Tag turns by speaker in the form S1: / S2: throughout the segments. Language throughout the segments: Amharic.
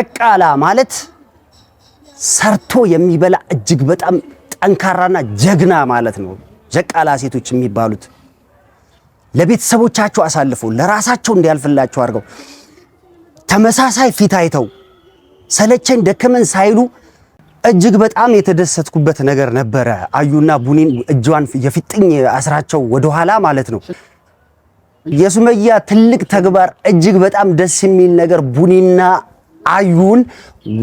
S1: ጨቃላ ማለት ሰርቶ የሚበላ እጅግ በጣም ጠንካራና ጀግና ማለት ነው። ጀቃላ ሴቶች የሚባሉት ለቤተሰቦቻቸው አሳልፈው ለራሳቸው እንዲያልፍላቸው አድርገው ተመሳሳይ ፊት አይተው ሰለቸን ደከመን ሳይሉ እጅግ በጣም የተደሰትኩበት ነገር ነበረ። አዩና ቡኒን እጇን የፊጥኝ አስራቸው ወደኋላ ማለት ነው። የሱመያ ትልቅ ተግባር እጅግ በጣም ደስ የሚል ነገር ቡኒና አዩን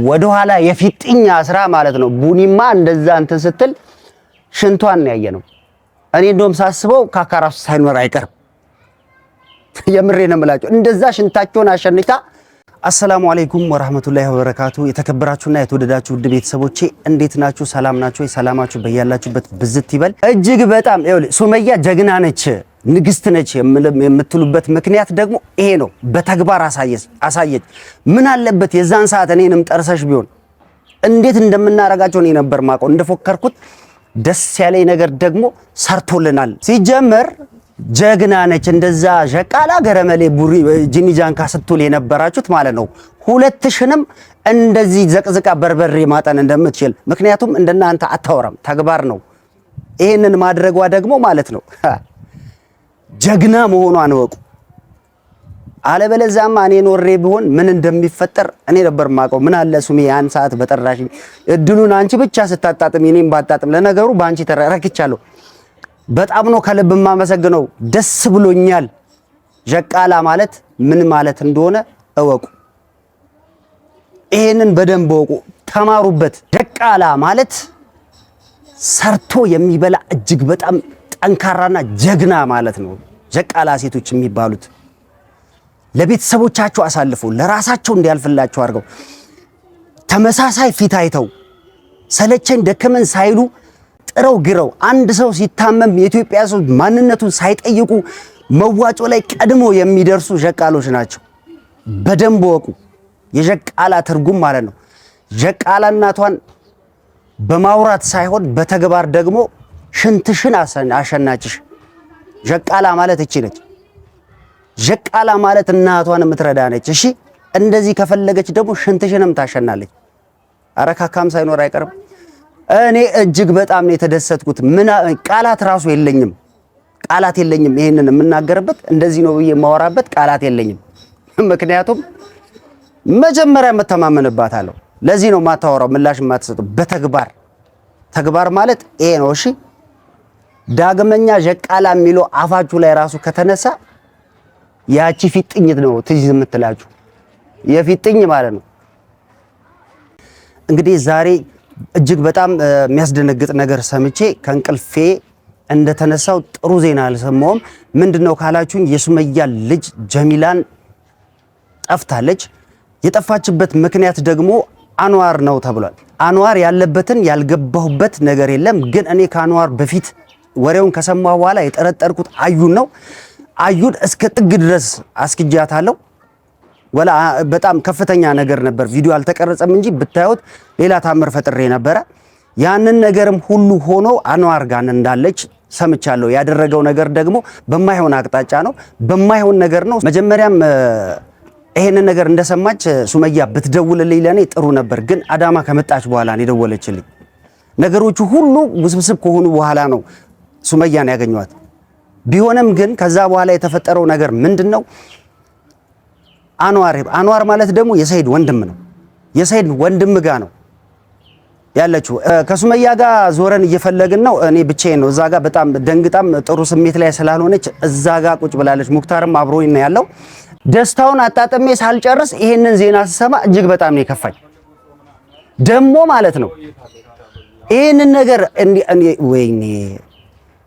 S1: ወደኋላ የፊጥኛ ስራ ማለት ነው። ቡኒማ እንደዛ እንትን ስትል ሽንቷን ያየ ነው። እኔ እንደውም ሳስበው ካካ ራሱ ሳይኖር አይቀርም። የምሬ ነው የምላቸው። እንደዛ ሽንታቸውን አሸንቻ አሰላሙ አለይኩም ወራህመቱላሂ ወበረካቱ። የተከበራችሁና የተወደዳችሁ ውድ ቤተሰቦቼ እንዴት ናችሁ? ሰላም ናችሁ? ሰላማችሁ በያላችሁበት ብዝት ይበል። እጅግ በጣም ሱመያ ጀግና ነች። ንግስት ነች የምትሉበት ምክንያት ደግሞ ይሄ ነው። በተግባር አሳየች። ምን አለበት የዛን ሰዓት እኔንም ጠርሰሽ ቢሆን እንዴት እንደምናረጋቸው እኔ ነበር ማውቀው። እንደፎከርኩት ደስ ያለኝ ነገር ደግሞ ሰርቶልናል። ሲጀመር ጀግና ነች። እንደዛ ሸቃላ ገረመሌ ቡሪ ጂኒጃንካ ስትውል የነበራችሁት ማለት ነው። ሁለትሽንም እንደዚህ ዘቅዝቃ በርበሬ ማጠን እንደምትችል ምክንያቱም እንደናንተ አታወራም። ተግባር ነው። ይህንን ማድረጓ ደግሞ ማለት ነው ጀግና መሆኗን እወቁ። አለበለዚያማ እኔ ኖሬ ቢሆን ምን እንደሚፈጠር እኔ ነበር ማቀው። ምን አለ ሱሜ ያን ሰዓት በጠራሽኝ እድሉን አንቺ ብቻ ስታጣጥም እኔም ባጣጥም። ለነገሩ በአንቺ ተረክቻለሁ። በጣም ነው ከልብ የማመሰግነው። ደስ ብሎኛል። ጀቃላ ማለት ምን ማለት እንደሆነ እወቁ። ይሄንን በደንብ እወቁ፣ ተማሩበት። ጀቃላ ማለት ሰርቶ የሚበላ እጅግ በጣም ጠንካራና ጀግና ማለት ነው። ጀቃላ ሴቶች የሚባሉት ለቤተሰቦቻቸው አሳልፈው ለራሳቸው እንዲያልፍላቸው አድርገው ተመሳሳይ ፊት አይተው ሰለቸን ደከመን ሳይሉ ጥረው ግረው አንድ ሰው ሲታመም የኢትዮጵያ ሰው ማንነቱን ሳይጠይቁ መዋጮ ላይ ቀድሞ የሚደርሱ ጀቃሎች ናቸው። በደንብ ወቁ። የጀቃላ ትርጉም ማለት ነው። ጀቃላ እናቷን በማውራት ሳይሆን በተግባር ደግሞ ሽንትሽን አሸናችሽ። ጀቃላ ማለት እቺ ነች። ጀቃላ ማለት እናቷን የምትረዳ ነች። እሺ እንደዚህ ከፈለገች ደግሞ ሽንትሽንም ታሸናለች። አረካካም ሳይኖር አይቀርም። እኔ እጅግ በጣም ነው የተደሰትኩት። ቃላት ራሱ የለኝም፣ ቃላት የለኝም። ይሄንን የምናገርበት እንደዚህ ነው ብዬ የማወራበት ቃላት የለኝም። ምክንያቱም መጀመሪያ የምተማመንባታለሁ። ለዚህ ነው የማታወራው ምላሽ የማትሰጠው በተግባር ተግባር ማለት ይሄ ነው። እሺ ዳግመኛ ሸቃላ የሚለው አፋችሁ ላይ ራሱ ከተነሳ ያቺ ፊጥኝት ነው ትዝ የምትላችሁ የፊጥኝ ማለት ነው። እንግዲህ ዛሬ እጅግ በጣም የሚያስደነግጥ ነገር ሰምቼ ከእንቅልፌ እንደተነሳው ጥሩ ዜና አልሰማሁም። ምንድነው ካላችሁኝ የሱመያ ልጅ ጀሚላን ጠፍታለች። የጠፋችበት ምክንያት ደግሞ አንዋር ነው ተብሏል። አንዋር ያለበትን ያልገባሁበት ነገር የለም፣ ግን እኔ ከአንዋር በፊት ወሬውን ከሰማ በኋላ የጠረጠርኩት አዩን ነው። አዩን እስከ ጥግ ድረስ አስክጃታለሁ። ወላ በጣም ከፍተኛ ነገር ነበር። ቪዲዮ አልተቀረጸም እንጂ ብታዩት ሌላ ታምር ፈጥሬ ነበረ። ያንን ነገርም ሁሉ ሆኖ አኗር ጋር እንዳለች ሰምቻለሁ። ያደረገው ነገር ደግሞ በማይሆን አቅጣጫ ነው፣ በማይሆን ነገር ነው። መጀመሪያም ይሄንን ነገር እንደሰማች ሱመያ ብትደውልልኝ ለእኔ ጥሩ ነበር፣ ግን አዳማ ከመጣች በኋላ ነው የደወለችልኝ። ነገሮቹ ሁሉ ውስብስብ ከሆኑ በኋላ ነው ሱመያን ያገኟት። ቢሆንም ግን ከዛ በኋላ የተፈጠረው ነገር ምንድን ነው? አንዋር አንዋር ማለት ደግሞ የሰይድ ወንድም ነው። የሰይድ ወንድም ጋ ነው ያለችው። ከሱመያ ጋር ዞረን እየፈለግን ነው። እኔ ብቻዬን ነው እዛ ጋ። በጣም ደንግጣም ጥሩ ስሜት ላይ ስላልሆነች እዛ ጋ ቁጭ ብላለች። ሙክታርም አብሮ ነው ያለው። ደስታውን አጣጥሜ ሳልጨርስ ይሄንን ዜና ስሰማ እጅግ በጣም ነው የከፋኝ። ደሞ ማለት ነው ይሄንን ነገር ወይኔ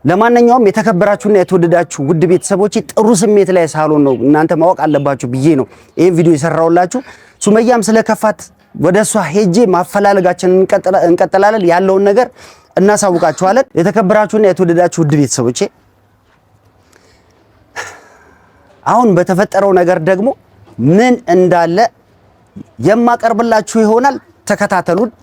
S1: ለማንኛውም የተከበራችሁና የተወደዳችሁ ውድ ቤተሰቦች ጥሩ ስሜት ላይ ሳሎን ነው እናንተ ማወቅ አለባችሁ ብዬ ነው ይህን ቪዲዮ የሰራውላችሁ ሱመያም ስለከፋት ወደ እሷ ሄጄ ማፈላለጋችንን እንቀጥላለን። ያለውን ነገር እናሳውቃችኋለን። የተከበራችሁና የተወደዳችሁ ውድ ቤተሰቦቼ አሁን በተፈጠረው ነገር ደግሞ ምን እንዳለ የማቀርብላችሁ ይሆናል። ተከታተሉን።